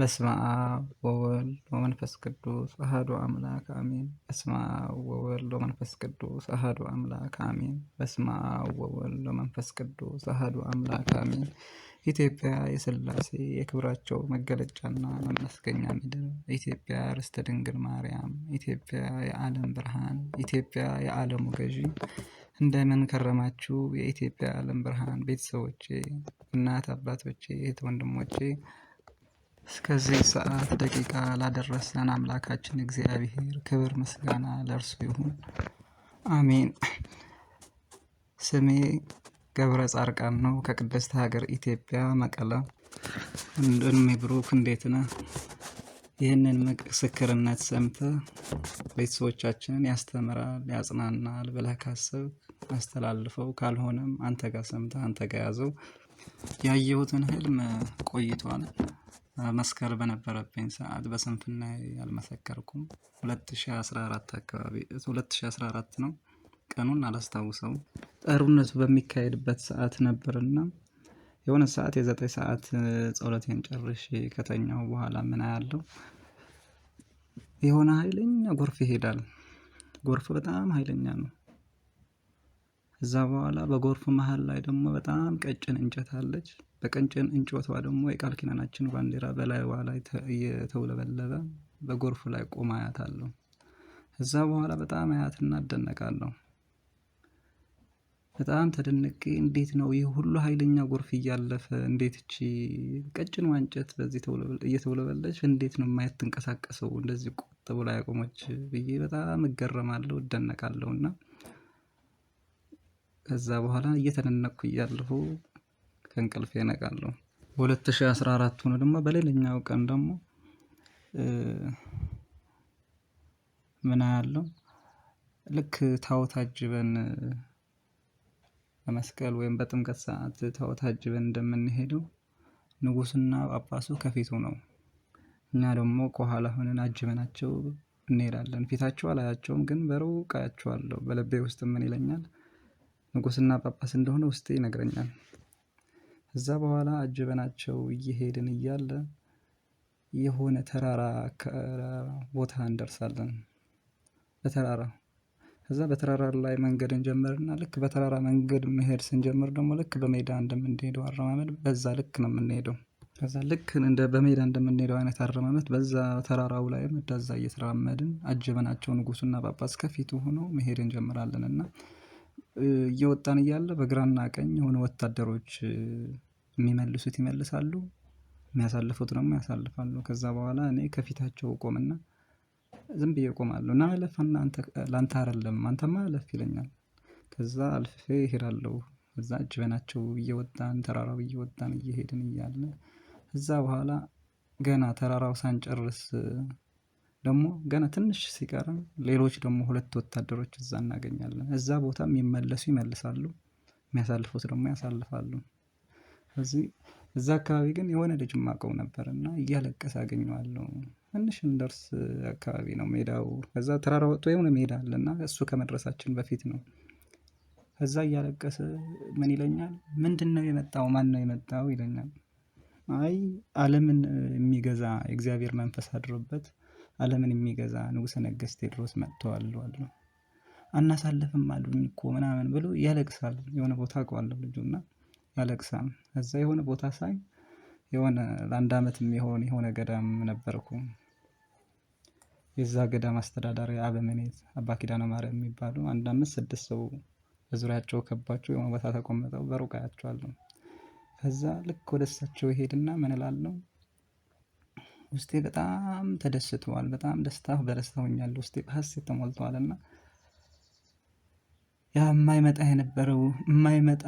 በስመ አብ ወወልድ ወመንፈስ ቅዱስ አሐዱ አምላክ አሜን። በስመ አብ ወወልድ ወመንፈስ ቅዱስ አሐዱ አምላክ አሜን። በስመ አብ ወወልድ ወመንፈስ ቅዱስ አሐዱ አምላክ አሜን። ኢትዮጵያ የሥላሴ የክብራቸው መገለጫና መመስገኛ ምድር፣ ኢትዮጵያ ርስተ ድንግል ማርያም፣ ኢትዮጵያ የዓለም ብርሃን፣ ኢትዮጵያ የዓለሙ ገዢ እንደምን ከረማችሁ? የኢትዮጵያ ዓለም ብርሃን ቤተሰቦቼ፣ እናት አባቶቼ፣ እህት ወንድሞቼ እስከዚህ ሰዓት ደቂቃ ላደረሰን አምላካችን እግዚአብሔር ክብር ምስጋና ለእርሱ ይሁን፣ አሜን። ስሜ ገብረ ጻርቃን ነው ከቅድስት ሀገር ኢትዮጵያ መቀለ። ወንድሜ ብሩክ እንዴት ነ? ይህንን ምስክርነት ሰምተ ቤተሰቦቻችንን ያስተምራል፣ ያጽናናል ብለህ ካሰብ አስተላልፈው። ካልሆነም አንተ ጋር ሰምተ አንተ ጋር ያዘው። ያየሁትን ህልም ቆይቷል መስከር በነበረብኝ ሰዓት በስንፍና አልመሰከርኩም። 2014 አካባቢ 2014 ነው ቀኑን አላስታውሰው ጠሩነቱ በሚካሄድበት ሰዓት ነበርና የሆነ ሰዓት የዘጠኝ ሰዓት ጸሎቴን ጨርሼ ከተኛው በኋላ ምን ያለው የሆነ ኃይለኛ ጎርፍ ይሄዳል። ጎርፍ በጣም ኃይለኛ ነው። እዛ በኋላ በጎርፍ መሃል ላይ ደግሞ በጣም ቀጭን እንጨት አለች። በቀንጭን እንጮቷ ደግሞ የቃል ኪዳናችን ባንዲራ በላይዋ ላይ እየተውለበለበ በጎርፉ ላይ ቆማ አያታለሁ። ከዛ በኋላ በጣም አያትና እደነቃለሁ። በጣም ተደነቄ እንዴት ነው ይህ ሁሉ ኃይለኛ ጎርፍ እያለፈ እንዴት እቺ ቀጭን ዋንጨት በዚህ እየተውለበለች እንዴት ነው የማየት ትንቀሳቀሰው እንደዚህ ቆጥ ብላ ያቆመች ብዬ በጣም እገረማለሁ እደነቃለሁ። እና ከዛ በኋላ እየተደነቅኩ እያለሁ ከእንቅልፌ እነቃለሁ በ2014 ሆኖ ደግሞ በሌላኛው ቀን ደግሞ ምን ልክ ታቦት አጅበን በመስቀል ወይም በጥምቀት ሰዓት ታቦት አጅበን እንደምንሄደው ንጉስና ጳጳሱ ከፊቱ ነው። እኛ ደግሞ ከኋላ ሆነን አጅበናቸው እንሄዳለን። ፊታቸው አላያቸውም ግን በሩቅ አያቸዋለሁ። በልቤ ውስጥ ምን ይለኛል ንጉስና ጳጳስ እንደሆነ ውስጤ ይነግረኛል። ከዛ በኋላ አጅበናቸው እየሄድን እያለ የሆነ ተራራ ቦታ እንደርሳለን። በተራራ ከዛ በተራራ ላይ መንገድ እንጀምርና ልክ በተራራ መንገድ መሄድ ስንጀምር ደግሞ ልክ በሜዳ እንደምንሄደው አረማመድ በዛ ልክ ነው የምንሄደው። ከዛ ልክ እንደ በሜዳ እንደምንሄደው አይነት አረማመድ በዛ ተራራው ላይም እንደዛ እየተራመድን አጅበናቸው ንጉሱና ጳጳስ ከፊቱ ሆኖ መሄድ እንጀምራለን። እና እየወጣን እያለ በግራና ቀኝ የሆነ ወታደሮች የሚመልሱት ይመልሳሉ የሚያሳልፉት ደግሞ ያሳልፋሉ። ከዛ በኋላ እኔ ከፊታቸው እቆምና ዝም ብዬ እቆማለሁ እና እለፍ ለአንተ አይደለም አንተማ እለፍ ይለኛል። ከዛ አልፌ እሄዳለሁ እጅ በናቸው እየወጣን ተራራው እየወጣን እየሄድን እያለ እዛ በኋላ ገና ተራራው ሳንጨርስ ደግሞ ገና ትንሽ ሲቀርም ሌሎች ደግሞ ሁለት ወታደሮች እዛ እናገኛለን እዛ ቦታ የሚመለሱ ይመልሳሉ የሚያሳልፉት ደግሞ ያሳልፋሉ እዚህ እዛ አካባቢ ግን የሆነ ልጅ ማቀው ነበር እና እያለቀሰ አገኘዋለሁ ትንሽ እንደርስ አካባቢ ነው ሜዳው ከዛ ተራራ ወጥቶ የሆነ ሜዳ አለ እና እሱ ከመድረሳችን በፊት ነው። ከዛ እያለቀሰ ምን ይለኛል ምንድነው የመጣው ነው የመጣው ይለኛል? አይ አለምን የሚገዛ የእግዚአብሔር መንፈስ አድሮበት አለምን የሚገዛ ንጉሰ ነገስት ቴዎድሮስ መጥተዋል አሉ። አናሳልፍም አሉኝ እኮ ምናምን ብሎ ያለቅሳል የሆነ ቦታ አውቀዋለሁ ልጁ እና ያለቅሳል። እዛ የሆነ ቦታ ሳይ የሆነ ለአንድ አመት የሚሆን የሆነ ገዳም ነበርኩ። የዛ ገዳም አስተዳዳሪ አበምኔት አባ ኪዳነ ማርያም የሚባሉ አንድ አምስት ስድስት ሰው በዙሪያቸው ከባቸው የሆነ ቦታ ተቆምጠው በሩቅ አያቸዋለሁ። ከዛ ልክ ወደ እሳቸው ይሄድና ምን እላለሁ ውስጤ በጣም ተደስተዋል። በጣም ደስታ በደስታ ሆኛለሁ። ውስጤ በሀሴት ተሞልተዋል እና ያ የማይመጣ የነበረው የማይመጣ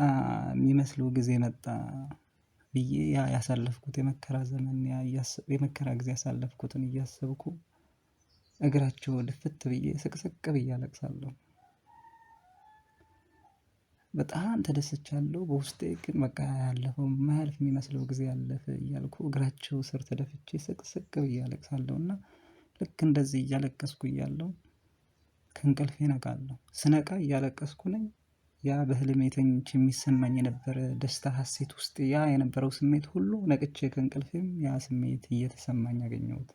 የሚመስለው ጊዜ መጣ ብዬ ያ ያሳለፍኩት የመከራ ዘመን የመከራ ጊዜ ያሳለፍኩትን እያሰብኩ እግራቸው ድፍት ብዬ ስቅስቅ ብዬ አለቅሳለሁ። በጣም ተደስቻለሁ። በውስጤ ግን በቃ ያለፈው የማያልፍ የሚመስለው ጊዜ ያለፈ እያልኩ እግራቸው ስር ተደፍቼ ስቅስቅ ብዬ አለቅሳለሁ። እና ልክ እንደዚህ እያለቀስኩ እያለሁ ከእንቅልፍ ነቃለሁ። ስነቃ እያለቀስኩ ነኝ። ያ በህልሜ ተኝቼ የሚሰማኝ የነበረ ደስታ ሀሴት ውስጥ ያ የነበረው ስሜት ሁሉ ነቅቼ ከእንቅልፌም ያ ስሜት እየተሰማኝ አገኘሁት።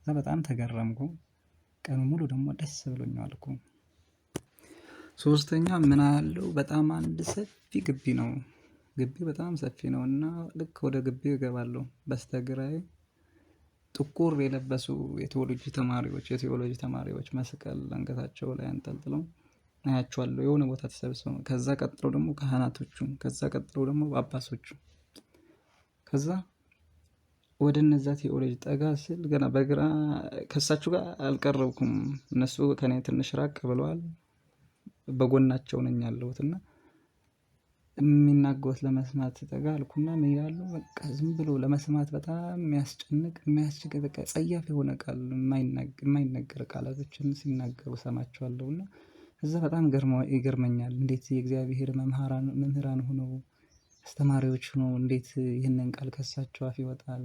ከዛ በጣም ተገረምኩ። ቀኑ ሙሉ ደግሞ ደስ ብሎኝ ሶስተኛ ምን አያለሁ በጣም አንድ ሰፊ ግቢ ነው። ግቢው በጣም ሰፊ ነው እና ልክ ወደ ግቢው እገባለሁ በስተግራዬ ጥቁር የለበሱ የቴዎሎጂ ተማሪዎች የቴዎሎጂ ተማሪዎች መስቀል አንገታቸው ላይ አንጠልጥለው አያቸዋለሁ የሆነ ቦታ ተሰብስበው። ከዛ ቀጥሎ ደግሞ ካህናቶቹ፣ ከዛ ቀጥሎ ደግሞ ጳጳሶቹ። ከዛ ወደ እነዛ ቴዎሎጂ ጠጋ ስል ገና በግራ ከእሳችሁ ጋር አልቀረብኩም። እነሱ ከኔ ትንሽ ራቅ ብለዋል። በጎናቸው ነኝ ያለሁት እና የሚናገሩት ለመስማት አልኩና ምን ይላሉ በቃ ዝም ብሎ ለመስማት በጣም የሚያስጨንቅ የሚያስችግ በቃ ጸያፍ የሆነ ቃል የማይነገር ቃላቶችን ሲናገሩ ሰማቸዋለሁ። እና እዛ በጣም ይገርመኛል። እንዴት የእግዚአብሔር መምህራን ሆነው አስተማሪዎች ሆነው እንዴት ይህንን ቃል ከሳቸው አፍ ይወጣል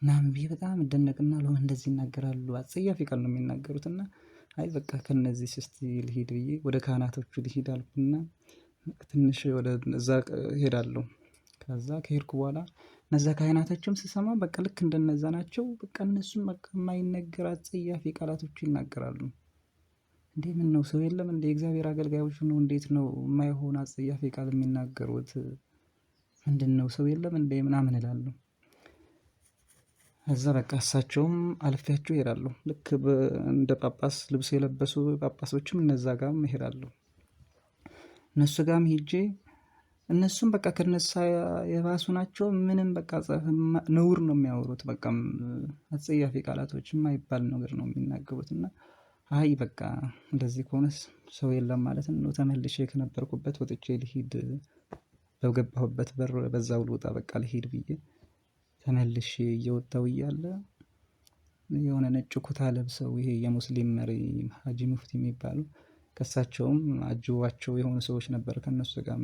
ምናምን ብዬ በጣም እደነቅና ለምን እንደዚህ ይናገራሉ? አጸያፊ ቃል ነው የሚናገሩት እና አይ በቃ ከነዚህ ስስት ልሂድ ብዬ ወደ ካህናቶቹ ልሂድ አልኩና ትንሽ ወደ እዛ እሄዳለሁ። ከዛ ከሄድኩ በኋላ እነዛ ካህናቶችም ስሰማ በቃ ልክ እንደነዛ ናቸው በቃ እነሱም የማይነገር አጸያፊ ቃላቶች ይናገራሉ። እንዴ ነው ሰው የለም እንደ እግዚአብሔር አገልጋዮች ነው እንዴት ነው የማይሆን አጸያፊ ቃል የሚናገሩት? ምንድነው ሰው የለም እንደ ምናምን እላለሁ። ከዛ በቃ እሳቸውም አልፊያቸው እሄዳለሁ ልክ እንደ ጳጳስ ልብስ የለበሱ ጳጳሶችም እነዛ ጋር እሄዳለሁ እነሱ ጋም ሄጄ እነሱም በቃ ከነሳ የባሱ ናቸው። ምንም በቃ ነውር ነው የሚያወሩት። በቃ አጸያፊ ቃላቶች የማይባል ነገር ነው የሚናገሩት። እና አይ በቃ እንደዚህ ከሆነስ ሰው የለም ማለት ነው። ተመልሼ ከነበርኩበት ወጥቼ ልሂድ፣ በገባሁበት በር በዛው ልውጣ፣ በቃ ልሂድ ብዬ ተመልሼ እየወጣው እያለ የሆነ ነጭ ኩታ ለብሰው ይሄ የሙስሊም መሪ ሀጂ ሙፍቲ የሚባሉ ከሳቸውም አጅቧቸው የሆኑ ሰዎች ነበር ከነሱ ጋር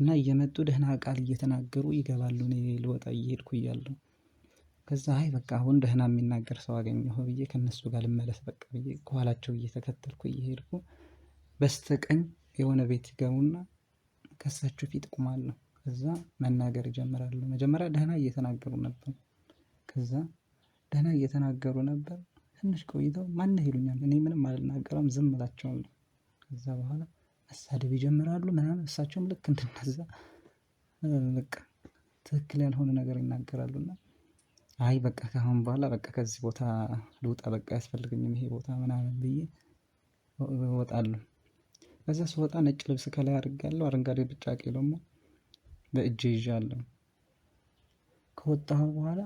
እና እየመጡ ደህና ቃል እየተናገሩ ይገባሉ። እኔ ልወጣ እየሄድኩ እያለሁ ከዛ አይ በቃ አሁን ደህና የሚናገር ሰው አገኘሁ ብዬ ከነሱ ጋር ልመለስ በቃ ብዬ ከኋላቸው እየተከተልኩ እየሄድኩ በስተቀኝ የሆነ ቤት ይገቡና ከሳቸው ፊት ቁማለሁ። ከዛ መናገር ይጀምራሉ። መጀመሪያ ደህና እየተናገሩ ነበር። ከዛ ደህና እየተናገሩ ነበር ትንሽ ቆይተው ማነህ ይሉኛል። እኔ ምንም አልናገረም ዝም ነው። ከዛ በኋላ መሳደብ ይጀምራሉ ምናምን እሳቸውም ልክ እንድነዛ በቃ ትክክል ያልሆነ ነገር ይናገራሉና አይ በቃ ከአሁን በኋላ በቃ ከዚህ ቦታ ልውጣ በቃ አያስፈልገኝም ይሄ ቦታ ምናምን ብዬ እወጣለሁ። ከዛ ስወጣ ነጭ ልብስ ከላይ አድርጌያለሁ አረንጓዴ ብጫቄ ደግሞ በእጄ ይዣለሁ። ከወጣሁ በኋላ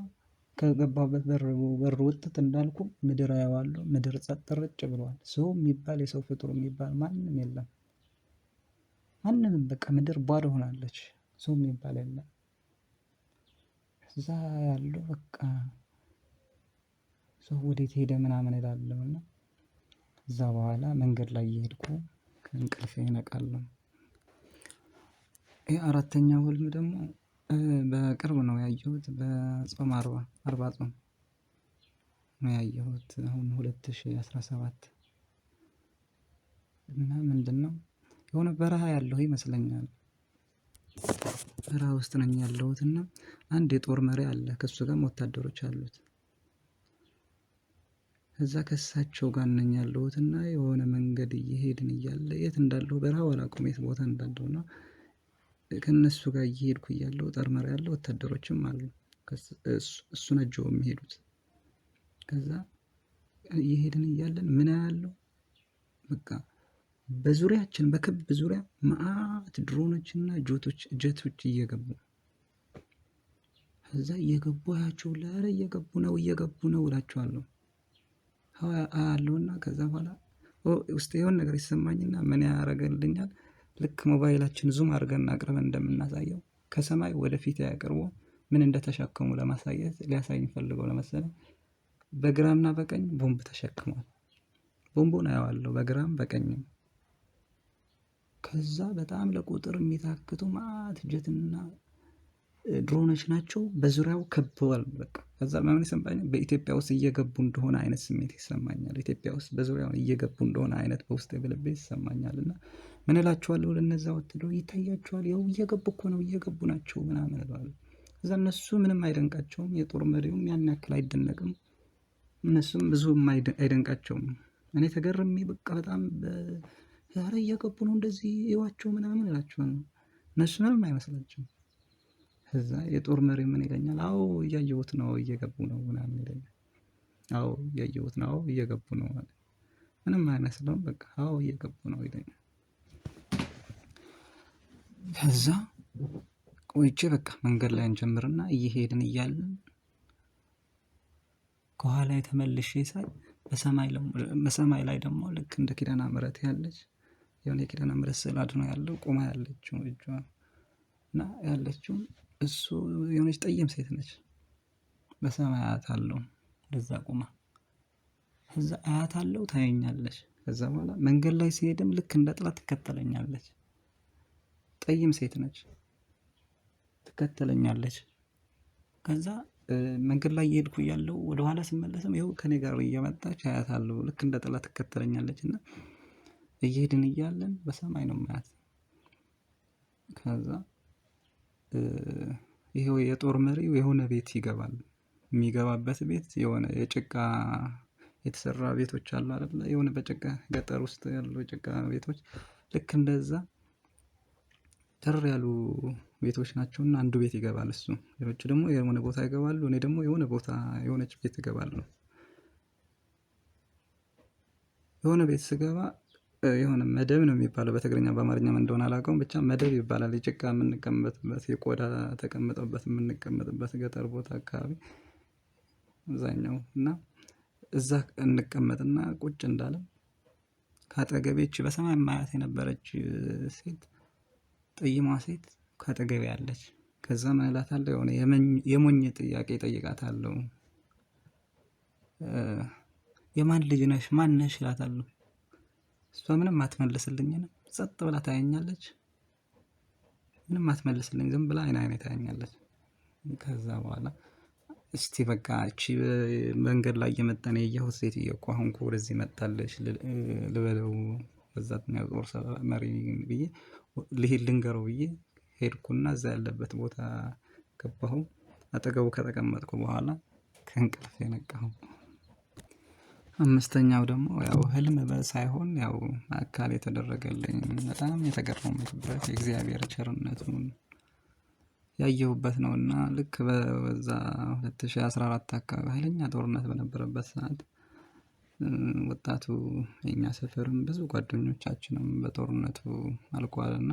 ከገባበት በር በር ውጥት እንዳልኩ ምድር አየዋለሁ ምድር ጸጥ ረጭ ብሏል። ሰው የሚባል የሰው ፍጡር የሚባል ማንም የለም። ማንንም በቃ ምድር ባዶ ሆናለች። ሰው የሚባል የለም። እዛ ያለው በቃ ሰው ወዴት ሄደ ምናምን እላለሁ እና እዛ በኋላ መንገድ ላይ እየሄድኩ ከእንቅልፌ እነቃለሁ። ይህ አራተኛ ህልም ደግሞ በቅርብ ነው ያየሁት በጾም አርባ አርባ ጾም ነው ያየሁት አሁን ሁለት ሺ አስራ ሰባት እና ምንድነው የሆነ በረሃ ያለሁ ይመስለኛል። በረሃ ውስጥ ነኝ ያለሁት እና አንድ የጦር መሪ አለ ከሱ ጋርም ወታደሮች አሉት። ከዛ ከእሳቸው ጋር ነኝ ያለሁት እና የሆነ መንገድ እየሄድን እያለ የት እንዳለሁ በረሃው አላውቀውም የት ቦታ እንዳለሁ እና ከነሱ ጋር እየሄድኩ እያለሁ ጠርመራ ያለ ወታደሮችም አሉ እሱ ነጀው የሚሄዱት ከዛ እየሄድን እያለን ምን ያለው በቃ በዙሪያችን በክብ ዙሪያ መዓት ድሮኖችና ጆቶች ጀቶች እየገቡ ከዛ እየገቡ አያቸው ለረ እየገቡ ነው እየገቡ ነው እላቸዋለሁ። አያለውና ከዛ በኋላ ውስጥ የሆን ነገር ይሰማኝና ምን ያደርግልኛል ልክ ሞባይላችን ዙም አድርገን አቅርበን እንደምናሳየው ከሰማይ ወደፊት አቅርቦ ምን እንደተሸከሙ ለማሳየት ሊያሳይ ፈልገው ለመሰለ በግራና በቀኝ ቦምብ ተሸክሟል። ቦምቡን አየዋለሁ በግራም በቀኝም። ከዛ በጣም ለቁጥር የሚታክቱ ማት ጀትና ድሮኖች ናቸው በዙሪያው ከበዋል። በቃ ከዛ በምን ይሰማኛል፣ በኢትዮጵያ ውስጥ እየገቡ እንደሆነ አይነት ስሜት ይሰማኛል። ኢትዮጵያ ውስጥ በዙሪያው እየገቡ እንደሆነ አይነት በውስጥ የበለቤ ይሰማኛል እና ምን እላችኋለሁ ለነዛ ወትደው ይታያችኋል፣ ያው እየገቡ እኮ ነው እየገቡ ናቸው ምናምን እለዋለሁ። እዛ እነሱ ምንም አይደንቃቸውም፣ የጦር መሪውም ያን ያክል አይደነቅም፣ እነሱም ብዙም አይደንቃቸውም። እኔ ተገርሜ በቃ በጣም ኧረ እየገቡ ነው እንደዚህ ይዋቸው ምናምን እላችኋለሁ። እነሱ ምንም አይመስላቸውም። እዛ የጦር መሪ ምን ይለኛል? አዎ እያየሁት ነው እየገቡ ነው ምናምን ይለኛል። አዎ እያየሁት ነው እየገቡ ነው ምንም አይመስለውም። በቃ አዎ እየገቡ ነው ይለኛል። ከዛ ቆይቼ በቃ መንገድ ላይ እንጀምርና እየሄድን እያለን ከኋላ የተመልሼ ሳይ በሰማይ ላይ ደግሞ ልክ እንደ ኪዳነ ምሕረት ያለች የሆነ የኪዳነ ምሕረት ስዕል አድኖ ያለው ቁማ ያለችው እጇ እና ያለችው እሱ የሆነች ጠየም ሴት ነች። አያት አለው ለዛ ቁማ እዛ አያት አለው ታየኛለች። ከዛ በኋላ መንገድ ላይ ሲሄድም ልክ እንደ ጥላት ትከተለኛለች። ጠይም ሴት ነች። ትከተለኛለች። ከዛ መንገድ ላይ እየሄድኩ እያለሁ ወደኋላ ስመለስም ይኸው ከኔ ጋር እየመጣች አያታለሁ። ልክ እንደ ጥላ ትከተለኛለች እና እየሄድን እያለን በሰማይ ነው ማያት። ከዛ ይሄው የጦር መሪው የሆነ ቤት ይገባል። የሚገባበት ቤት የሆነ የጭቃ የተሰራ ቤቶች አሉ አይደለ? የሆነ በጭቃ ገጠር ውስጥ ያሉ የጭቃ ቤቶች ልክ እንደዛ ተር ያሉ ቤቶች ናቸውና አንዱ ቤት ይገባል እሱ። ሌሎቹ ደግሞ የሆነ ቦታ ይገባሉ። እኔ ደግሞ የሆነ ቦታ የሆነች ቤት ይገባሉ የሆነ ቤት ስገባ የሆነ መደብ ነው የሚባለው በትግርኛ በአማርኛም እንደሆነ አላውቀውም። ብቻ መደብ ይባላል የጭቃ የምንቀመጥበት የቆዳ ተቀምጠበት የምንቀመጥበት ገጠር ቦታ አካባቢ አብዛኛው እና እዛ እንቀመጥና ቁጭ እንዳለን ከአጠገቤች በሰማይ ማያት የነበረች ሴት ጠይሟ ሴት ከአጠገቤ አለች። ከዛ ምን እላታለሁ? የሆነ የሞኝ ጥያቄ እጠይቃታለሁ። የማን ልጅ ነሽ? ማን ነሽ? እላታለሁ። እሷ ምንም አትመልስልኝም። ጸጥ ብላ ታያኛለች። ምንም አትመልስልኝ። ዝም ብላ አይን አይነት ታያኛለች። ከዛ በኋላ እስቲ በቃ እቺ መንገድ ላይ እየመጣን ያየሁት ሴትዮ እኮ አሁን እኮ ወደዚህ መጣለች ልበለው በዛት ጦር ብዬ ልሄድ ልንገረው ብዬ ሄድኩና እዛ ያለበት ቦታ ገባሁ። አጠገቡ ከተቀመጥኩ በኋላ ከእንቅልፍ የነቃሁ። አምስተኛው ደግሞ ያው ህልም ሳይሆን ያው አካል የተደረገልኝ በጣም የተገረምኩበት የእግዚአብሔር ቸርነቱን ያየሁበት ነው እና ልክ በዛ 2014 አካባቢ ኃይለኛ ጦርነት በነበረበት ሰዓት ወጣቱ የኛ ሰፈርም ብዙ ጓደኞቻችንም በጦርነቱ አልቋልና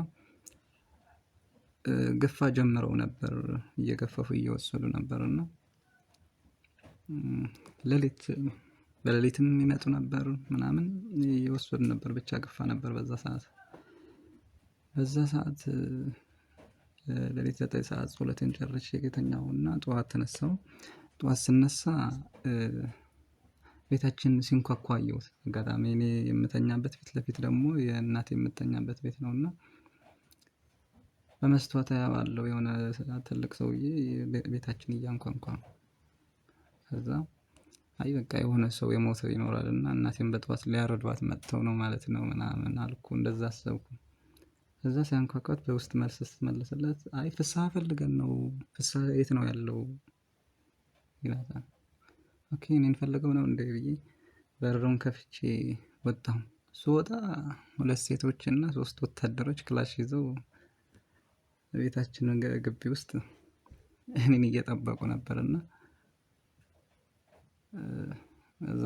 ገፋ ጀምረው ነበር እየገፈፉ እየወሰዱ ነበር እና ሌሊት በሌሊትም ይመጡ ነበር ምናምን እየወሰዱ ነበር ብቻ ገፋ ነበር በዛ ሰዓት በዛ ሰዓት ሌሊት ዘጠኝ ሰዓት ጸሎቴን ጨርሼ እና ጠዋት ተነሳሁ ጠዋት ስነሳ ቤታችን ሲንኳኳ አየሁት አጋጣሚ እኔ የምተኛበት ፊት ለፊት ደግሞ የእናት የምተኛበት ቤት ነው እና በመስታወት ባለው የሆነ ትልቅ ሰውዬ ቤታችን እያንኳኳ ነው። ከዛ አይ በቃ የሆነ ሰው የሞተው ይኖራል እና እናቴን በጠዋት ሊያረዷት መጥተው ነው ማለት ነው ምናምን አልኩ እንደዛ አሰብኩ። ከዛ ሲያንኳኳት በውስጥ መልስ ስትመልስለት አይ ፍስሃ ፈልገን ነው ፍስሃ የት ነው ያለው? ይላታል ኦኬ እኔን ፈልገው ነው እንደ ብዬ በሩን ከፍቼ ወጣሁ። ስወጣ ሁለት ሴቶች እና ሶስት ወታደሮች ክላሽ ይዘው ቤታችን ግቢ ውስጥ እኔን እየጠበቁ ነበር እና እዛ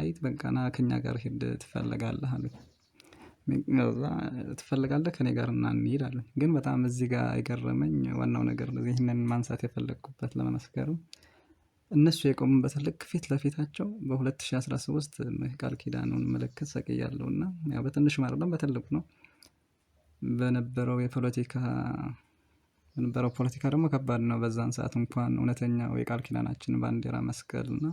አይት በቃና ከኛ ጋር ሄድ ትፈልጋለህ አለኝ። እዛ ትፈልጋለህ ከኔ ጋር እና እንሂድ አለኝ። ግን በጣም እዚህ ጋር የገረመኝ ዋናው ነገር ይህንን ማንሳት የፈለግኩበት ለመመስከርም እነሱ የቆሙበት ልክ ፊት ለፊታቸው በ2013 ቃል ኪዳኑን ምልክት ሰቅያለሁ እና ያው በትንሹ አይደለም በትልቁ ነው። በነበረው የፖለቲካ በነበረው ፖለቲካ ደግሞ ከባድ ነው። በዛን ሰዓት እንኳን እውነተኛው የቃል ኪዳናችን ባንዲራ መስቀል እና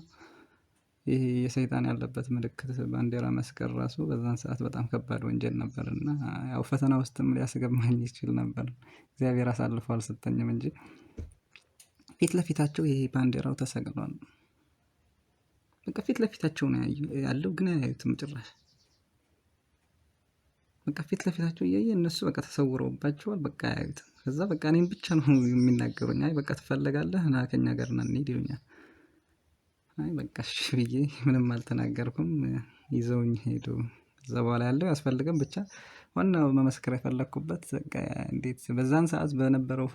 ይህ የሰይጣን ያለበት ምልክት ባንዲራ መስቀል ራሱ በዛን ሰዓት በጣም ከባድ ወንጀል ነበር እና ያው ፈተና ውስጥም ሊያስገባኝ ይችል ነበር። እግዚአብሔር አሳልፎ አልሰጠኝም እንጂ ፊት ለፊታቸው ይሄ ባንዲራው ነው። በቃ ፊት ለፊታቸው ነው ያለው፣ ግን አያዩትም ጭራሽ። በቃ ፊት ለፊታቸው እያየ እነሱ በቃ ተሰውረውባቸዋል። በቃ አያዩትም። ከዛ በቃ እኔም ብቻ ነው የሚናገሩኝ። አይ በቃ ትፈለጋለህ ና ከኛ ጋር ና እንሂድ ይሉኛል። አይ በቃ እሺ ብዬ ምንም አልተናገርኩም። ይዘውኝ ሄዱ። ከዛ በኋላ ያለው ያስፈልገም ብቻ ዋናው መመስከር የፈለግኩበት እንዴት በዛን ሰዓት በነበረው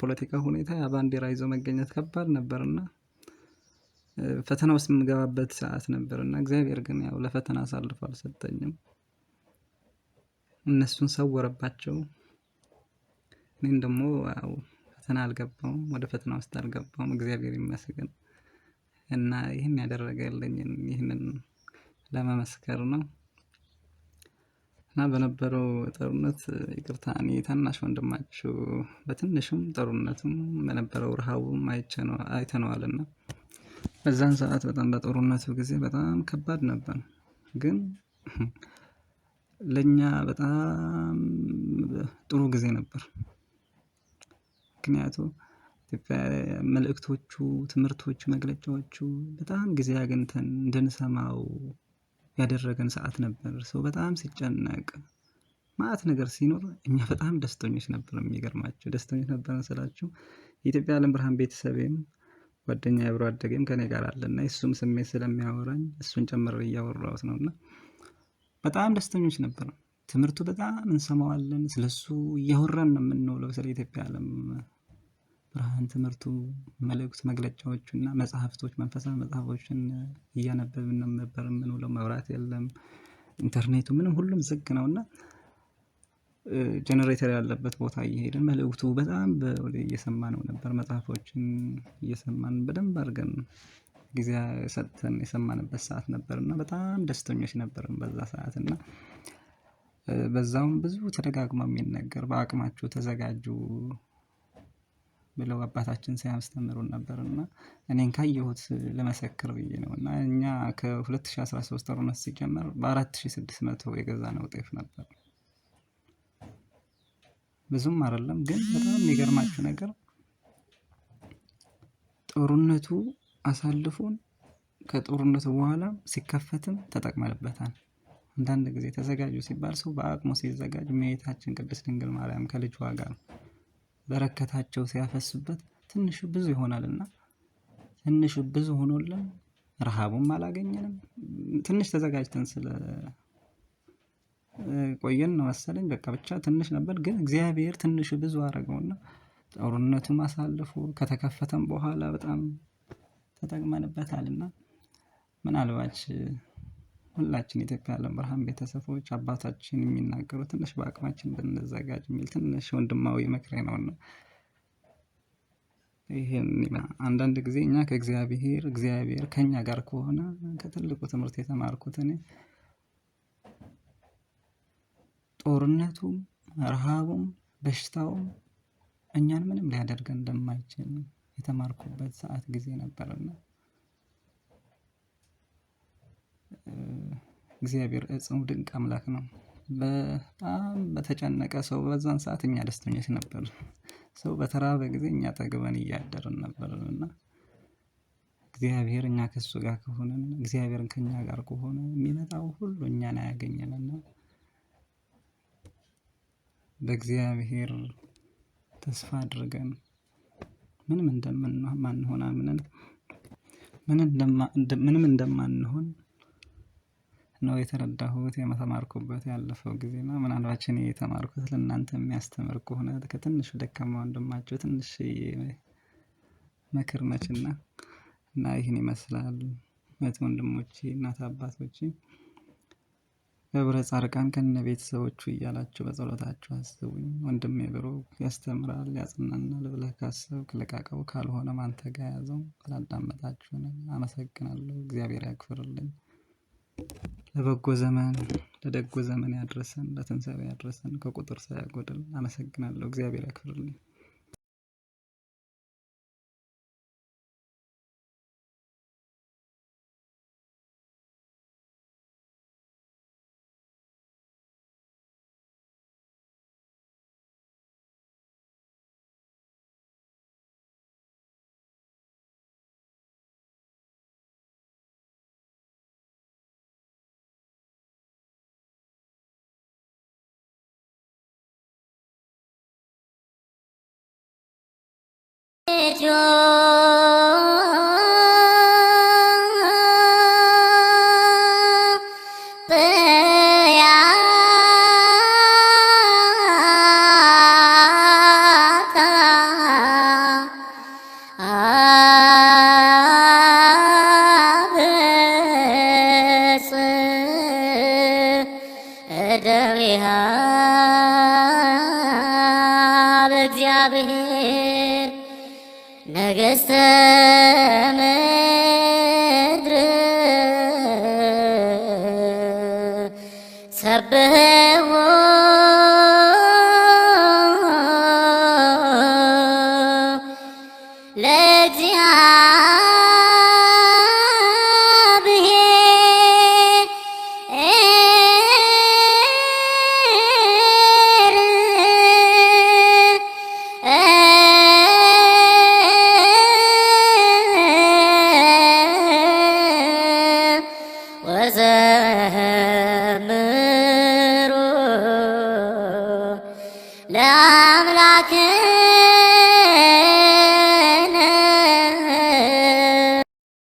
ፖለቲካ ሁኔታ ባንዲራ ይዞ መገኘት ከባድ ነበርና ፈተና ውስጥ የምንገባበት ሰዓት ነበርና እግዚአብሔር ግን ያው ለፈተና አሳልፎ አልሰጠኝም። እነሱን ሰወረባቸው። እኔም ደግሞ ፈተና አልገባውም፣ ወደ ፈተና ውስጥ አልገባውም። እግዚአብሔር ይመስገን እና ይህን ያደረገልኝን ይህንን ለመመስከር ነው። እና በነበረው ጦርነት ይቅርታ እኔ ታናሽ ወንድማችሁ በትንሹም ጦርነቱም በነበረው ረሃቡም አይተነዋልና በዛን ሰዓት በጣም በጦርነቱ ጊዜ በጣም ከባድ ነበር። ግን ለእኛ በጣም ጥሩ ጊዜ ነበር። ምክንያቱ ኢትዮጵያ መልእክቶቹ፣ ትምህርቶቹ፣ መግለጫዎቹ በጣም ጊዜ አግኝተን እንድንሰማው ያደረገን ሰዓት ነበር። ሰው በጣም ሲጨነቅ ማለት ነገር ሲኖር እኛ በጣም ደስተኞች ነበር። የሚገርማቸው ደስተኞች ነበር ስላችሁ የኢትዮጵያ ዓለም ብርሃን ቤተሰብም ጓደኛ አብሮ አደገም ከኔ ጋር እና የሱም ስሜት ስለሚያወራኝ እሱን ጨምር እያወራሁት ነው እና በጣም ደስተኞች ነበር። ትምህርቱ በጣም እንሰማዋለን፣ ስለሱ እያወራን ነው የምንውለው ስለ ኢትዮጵያ ዓለም ብርሃን ትምህርቱ መልእክት መግለጫዎቹ እና መጽሐፍቶች መንፈሳዊ መጽሐፎችን እያነበብን ነበር የምንውለው። መብራት የለም፣ ኢንተርኔቱ ምንም ሁሉም ዝግ ነው እና ጀነሬተር ያለበት ቦታ እየሄድን መልእክቱ በጣም እየሰማ ነው ነበር። መጽሐፎችን እየሰማን በደንብ አድርገን ጊዜ ሰጥተን የሰማንበት ሰዓት ነበር እና በጣም ደስተኞች ነበርን በዛ ሰዓት እና በዛውም ብዙ ተደጋግሞ የሚነገር በአቅማችሁ ተዘጋጁ ብለው አባታችን ሲያስተምሩን ነበር እና እኔን ካየሁት ለመሰክር ብዬ ነው። እና እኛ ከ2013 ጦርነት ሲጀመር በ4600 ነው ጤፍ ነበር። ብዙም አይደለም፣ ግን በጣም የሚገርማችሁ ነገር ጦርነቱ አሳልፎን ከጦርነቱ በኋላ ሲከፈትም ተጠቅመንበታል። አንዳንድ ጊዜ ተዘጋጁ ሲባል ሰው በአቅሙ ሲዘጋጅ እመቤታችን ቅድስት ድንግል ማርያም ከልጇ ጋር በረከታቸው ሲያፈሱበት ትንሹ ብዙ ይሆናልና ትንሹ ብዙ ሆኖልን ረሃቡም አላገኘንም። ትንሽ ተዘጋጅተን ስለ ቆየን ነው መሰለኝ። በቃ ብቻ ትንሽ ነበር፣ ግን እግዚአብሔር ትንሹ ብዙ አደረገውና ጦርነቱም አሳልፎ ከተከፈተም በኋላ በጣም ተጠቅመንበታልና ምናልባች ሁላችን ኢትዮጵያ ዓለም ብርሃን ቤተሰቦች አባታችን የሚናገሩ ትንሽ በአቅማችን ብንዘጋጅ የሚል ትንሽ ወንድማዊ መክሬ ነውና ይህን አንዳንድ ጊዜ እኛ ከእግዚአብሔር እግዚአብሔር ከኛ ጋር ከሆነ ከትልቁ ትምህርት የተማርኩት እኔ ጦርነቱም ረሃቡም በሽታውም እኛን ምንም ሊያደርገን እንደማይችል የተማርኩበት ሰዓት ጊዜ ነበርና እግዚአብሔር ጽኑ ድንቅ አምላክ ነው። በጣም በተጨነቀ ሰው በዛን ሰዓት እኛ ደስተኞች ነበር። ሰው በተራበ ጊዜ እኛ ጠግበን እያደርን ነበር እና እግዚአብሔር እኛ ከሱ ጋር ከሆነን እግዚአብሔርን ከኛ ጋር ከሆነ የሚመጣው ሁሉ እኛን አያገኘንና በእግዚአብሔር ተስፋ አድርገን ምንም እንደማንሆን አምነን ምንም እንደማንሆን ነው የተረዳሁት የተማርኩበት ያለፈው ጊዜ እና ምናልባት እኔ የተማርኩት ለእናንተ የሚያስተምር ከሆነ ከትንሹ ደካማ ወንድማቸው ትንሽ ነች ና እና ይህን ይመስላል እህት ወንድሞቼ፣ እናት አባቶቼ ህብረ ጻርቃን ከነ ቤተሰቦቹ እያላችሁ በጸሎታችሁ አስቡኝ። ወንድሜ ብሩክ ያስተምራል ያጽናናል ብለህ ካሰብክ ልቀቀው፣ ካልሆነ አንተ ጋር ያዘው። ስላዳመጣችሁን አመሰግናለሁ። እግዚአብሔር ያክፍርልኝ። ለበጎ ዘመን ለደጎ ዘመን ያድረሰን ለትንሳኤ ያድረሰን ከቁጥር ሳያጎድል አመሰግናለሁ እግዚአብሔር ያክብርልኝ 就。रब है वो